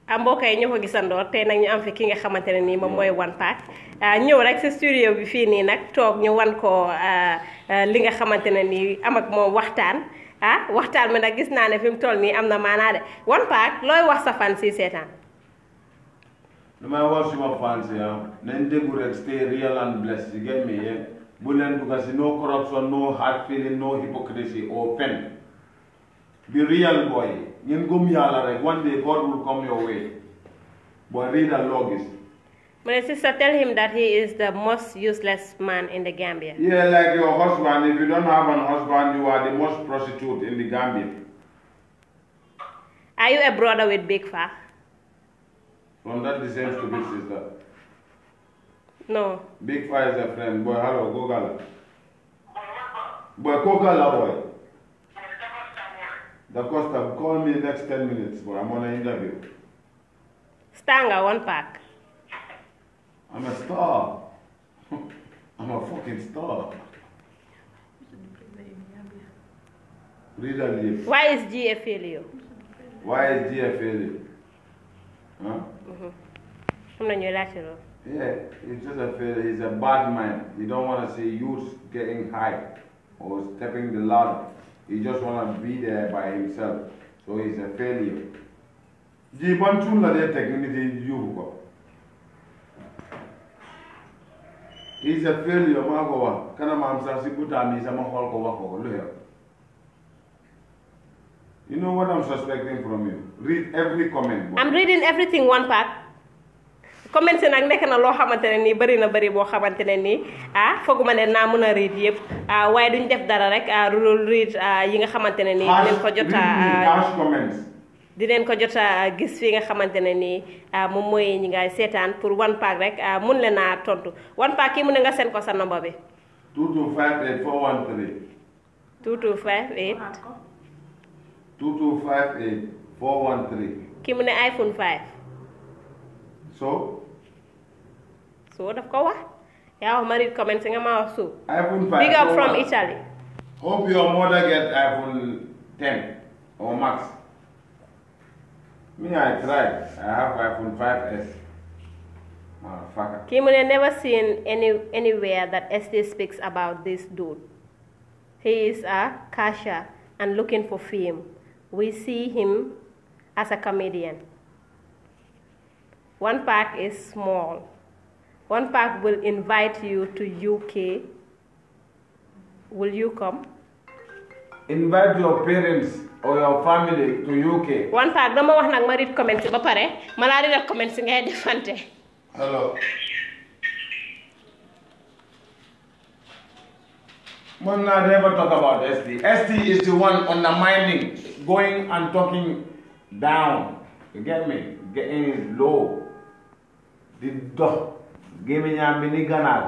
am ñu ko gisandoor tey nag ñu am fi ki nga xamante ne nii moom mooy One Pac ñëw rek si studio bi fii nii nag toog ñu wan ko ah, ah, li nga xamante ne nii am ak moom waxtaan ah waxtaan mi nag gis naa ne fi mu toll nii am na maanaa de One Pac looy wax sa fan si seetaan. lu may wax suma fan si ah nañ déglu rek stay real and blessed si ngeen mi bu leen dugg si no corruption no hard feeling no hypocrisy au pen. Be real, boy. In Gumiala, one day God will come your way. But read the logist. My sister tell him that he is the most useless man in the Gambia. Yeah, like your husband. If you don't have an husband, you are the most prostitute in the Gambia. Are you a brother with Big Fa? Well, that deserves to be sister. No. Big Fa is a friend. Boy, hello, Gogala. Boy, Gogala, boy. Da Costa, call me next 10 minutes, boy. I'm on an interview. Stanga, one pack. I'm a star. <laughs> I'm a fucking star. Reader leave. Why is GA failure? Why is GA failure? Huh? Mm-hmm. Yeah, it's just a failure. He's a bad man. He don't want to see youth getting high or stepping the ladder. He just want to be there by himself. So he's a failure. Jibon tun la de technology yuhuko. He's a failure magowa. Kana mamsa sibuta misa mahol ko wako luhe. You know what I'm suspecting from you? Read every comment. Box. I'm reading everything one part. commerce nag nekk na loo xamante ne nii bëri na bëri boo xamante ne nii ah fooguma ne naa mën a riit yëpp waaye duñ def dara rek lu riit yi nga xamante ne nii dinañ ko jot dineen ko jot a gis fii nga xamante ne nii moom mooy ñi nga seetaan pour one pack rek mun leen a tontu one pack kii mu ne nga seen ko sa nomba bi 225 mu ne iPhone 5 so so what of wax Yeah, I'm married comment si nga maa big up from Italy hope your mother gets iPhone 10 or max me I tried I have iPhone 5s Kimune I never seen any anywhere that SD speaks about this dude. He is a cashier and looking for fame. We see him as a comedian. One pack is small. One pack will invite you to UK. Will you come? Invite your parents or your family to UK. One pack, dama wax nag ma read comments ba pare ma laa di def comments ngay defante. hello. Mom now never talk about ST. ST is the one undermining, going and talking down. You get me? Getting low. The dog. gémmiñaam bi ni ganaar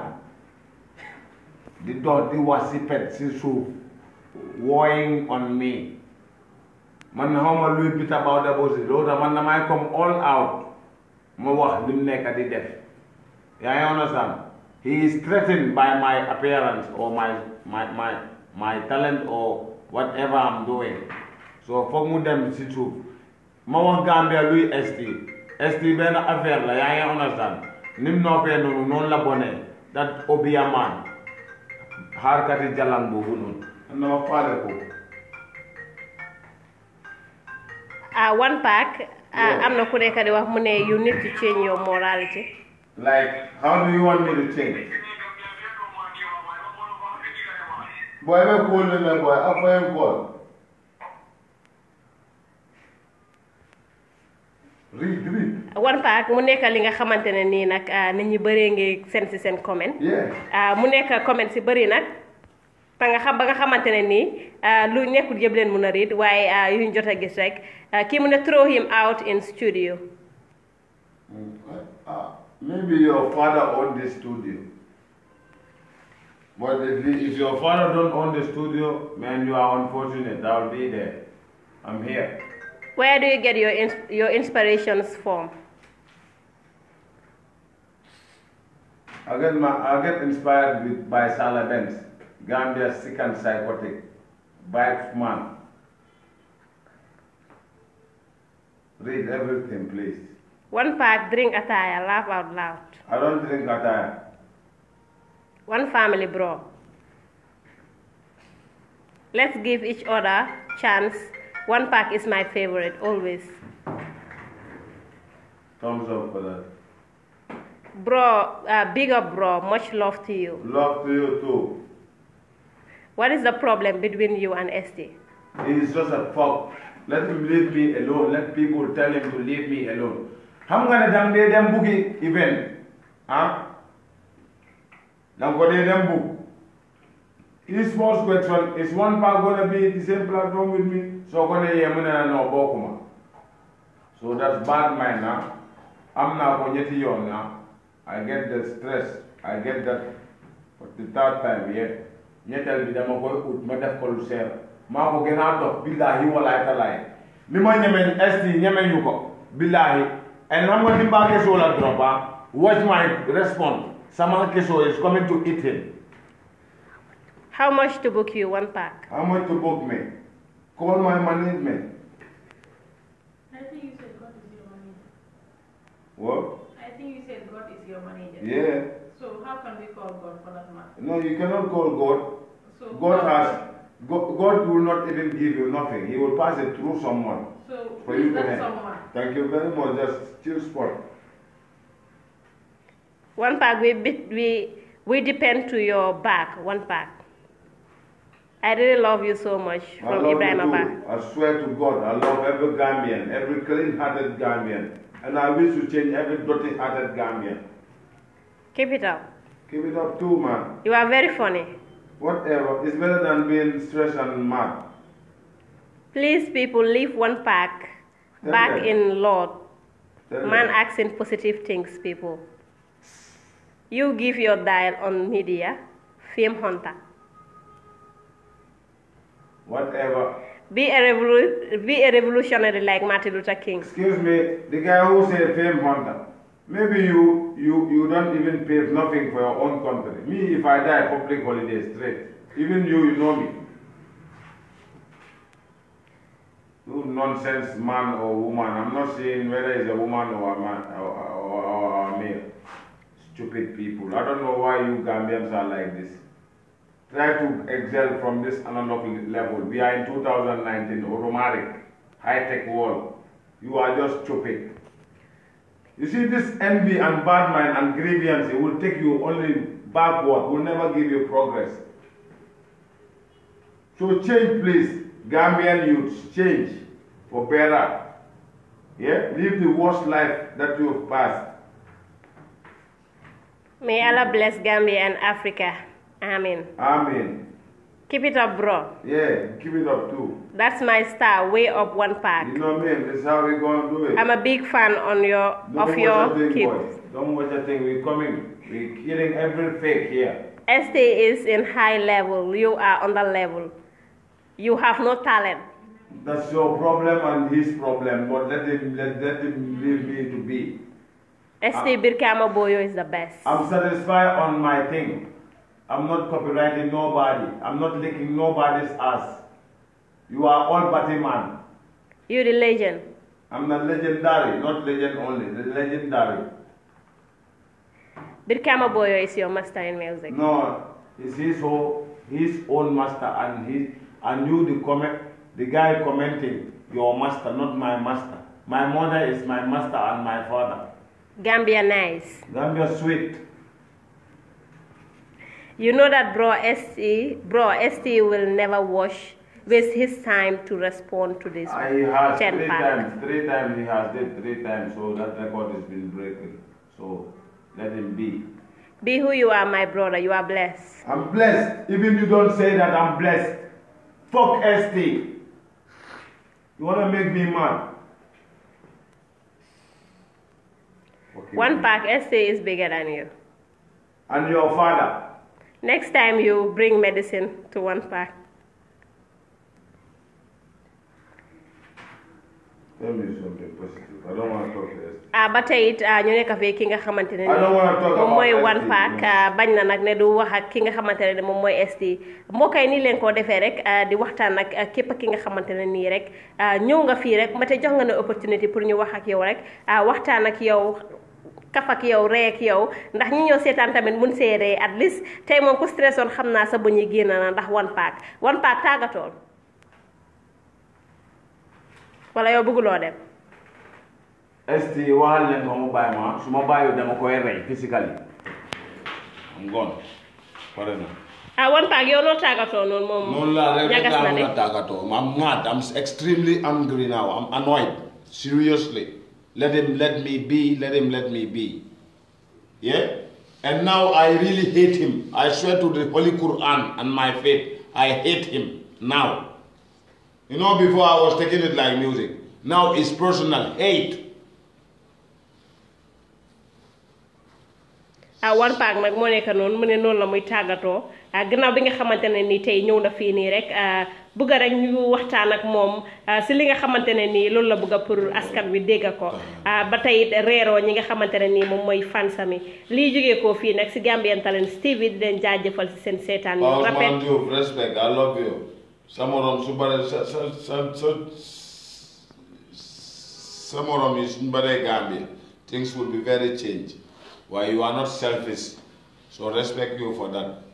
di dox di wax si suuf warning on me man na xawma luy Peter Bawda Bosey loolu tax man damay comme all out ma wax li mu nekk di def yaa ngi understand he is threatened by my appearance or my my my talent or whatever I'm doing so foog mu dem si suuf ma wax Gambia luy ST ST benn affaire la yaa ngi understand nim noppee noonu noonu la bonee dat obiya maan harkati jalan boobu noonu nama faale ko ah one pack ah, am na ku nekk di wax mu ne you need to change your morality like how do you want me to change boy be cool na boy afa en One Pac mu nekk li nga xamante ne nii nag ah, nit ñi bëree ngi seen si seen comment. Ah, mu nekk comment si bëri nag. te nga xam ba nga xamante ne nii ah, lu nekkul yëpp leen mun a riit waaye yu ñu jot a gis rek kii mu ne throw him out in studio. Mm, maybe your father own the studio. But if, if your father don't own the studio, man, you are unfortunate. I'll be there. I'm here. Where do you get your, your inspirations from? I get, my, I get inspired with, by Salah Benz, Gambia's sick and psychotic, bike man. Read everything, please. One pack, drink attire, laugh out loud. I don't drink attire. One family, bro. Let's give each other chance one pack is my favorite, always. Thumbs up for that. Bro, uh, bigger bro, much love to you. Love to you too. What is the problem between you and Esti? It's just a fuck. Let him leave me alone. Let people tell him to leave me alone. I'm gonna damn day them boogie event. Huh? Now go there them boogie. This sports question is one part gonna be the same platform with me? So ko ne yee mu ne la so that's bad mind na am naa ko ñetti yoon na I get the stress I get that for the third time yet ñetteel bi dama koy ut ma def ko lu seer maa ko gën a dox Billahi walaay talaay li ma ñeme esti ñeme ñu ko Billahi. and xam nga ni baa kesoo la drop ah watch my response sama kesoo is coming to eat him. How much to book you one pack? How much to book me? Call my management. I think you said God is your manager. What? I think you said God is your manager. Yeah. So how can we call God for that matter? No, you cannot call God. So God has God, God will not even give you nothing. He will pass it through someone. So for you to that someone? Thank you very much. Just still spot. One pack we we we depend to your back. One pack. I really love you so much from Ibrahim Abba. I swear to God, I love every Gambian, every clean hearted Gambian. And I wish to change every dirty hearted Gambian. Keep it up. Keep it up too, man. You are very funny. Whatever. It's better than being stressed and mad. Please, people, leave one pack Tell back in Lord. Tell man them. acts in positive things, people. You give your dial on media, Fame Hunter. Whatever. Be a, revolu- be a revolutionary like Martin Luther King. Excuse me, the guy who said fame hunter. Maybe you, you, you don't even pay nothing for your own country. Me, if I die, public holiday straight. Even you, you know me. You nonsense man or woman. I'm not saying whether it's a woman or a man or, or, or a male. Stupid people. I don't know why you Gambians are like this try to excel from this analog level. We are in 2019, automatic, high-tech world. You are just stupid. You see, this envy and bad mind and grievance, it will take you only backward, will never give you progress. So change, please. Gambian youths, change for better. Yeah? Live the worst life that you have passed. May Allah bless Gambia and Africa. Amen. Amen. Keep it up, bro. Yeah, keep it up too. That's my star, way up one pack. You know what I mean? this is how we gonna do it. I'm a big fan on your Don't of your thing, kids. Boys. Don't watch that thing, we're coming. We're killing every fake here. ST is in high level, you are on the level. You have no talent. That's your problem and his problem, but let him let, let him leave me to be. ST Birkama Boyo is the best. I'm satisfied on my thing. I'm not copyrighting nobody. I'm not licking nobody's ass. You are all but a man. You're the legend. I'm the legendary, not legend only, the legendary. camera Boyo is your master in music. No, it's his own, his own master and he and you the comment the guy commenting your master, not my master. My mother is my master and my father. Gambia nice. Gambia sweet. You know that bro ST, bro ST will never wash, waste his time to respond to this. Uh, he has three pack. times, three times he has did three times, so that record has been breaking. So let him be. Be who you are, my brother. You are blessed. I'm blessed. Even you don't say that I'm blessed. Fuck ST. You wanna make me mad? Okay, One pack ST is bigger than you. And your father. Next time you bring medicine to one pack. Tell me something positive. I don't want to talk this. ah ba tey it ñu ah, nekk one pack ah, bañ na nag ne du wax ak ki nga xamante ne moom mooy ST moo koy nii leen koo defee rek ah, di waxtaan ak képp ki nga xamante ne nii rek ñëw nga fii rek ma kaf ak yow ree ak yow ndax ñi ñëw seetaan tamit mun see ree at least tey moom ku stressoon xam naa sa bu ñuy génn na ndax one pack one pack tàggatool wala yow bëgguloo dem. esti waxal leen ko bàyyi ma su ma bàyyiwul dama koy rey physically am ngoon pare na. ah one pack yow noo tàggatoo noonu moom. noonu laa rek ñagas na de noonu laa rek laa mën tàggatoo. I'm mad I'm extremely angry now I'm annoyed seriously. Let him let me be. Let him let me be. Yeah? And now I really hate him. I swear to the Holy Quran and my faith, I hate him now. You know, before I was taking it like music. Now it's personal hate. Ah, la muy ah, bi nga ni ñëw na rek ah, bëgg rek ñu waxtaan ak mom ci euh, li nga xamantene ni loolu la bëgg pour askan wi dégg ko ah. euh, ba tay it ñi nga xamantene ni mom moy fansami li jógee ko fi nak ci Gambian Talent Steve di len jaajeufal ci sen sétane ñu rappel respect I love you sama rom su bare sa sa sa yi things will be very changed. Why you are not selfish so respect you for that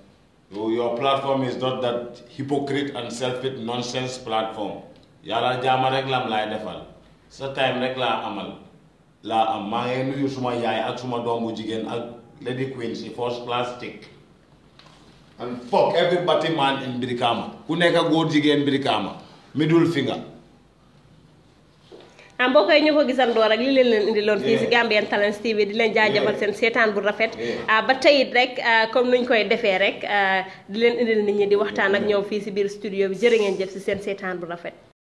Your platform is not that hypocrite and selfish nonsense platform. yàlla jaama rek lam laay defal sa time rek laa amal laa am maa ngi nuyu suma yaay ak suma doom bu jigéen ak lady queen si first class and fuck every batty man in Brikama ku nekk góor jigéen Brikama middle finger am ah, boo koy ñu ko gisandoo rek li leen leen indiloon loon fii si Gambian Talents TV di leen jaajëfal seen seetaan bu rafet ah, ba teyit rek ah, comme nuñ koy defee rek di leen indil nit ñi di waxtaan ak ñoom fii si biir studio bi jërë ngeen jëf si seen seetaan bu rafet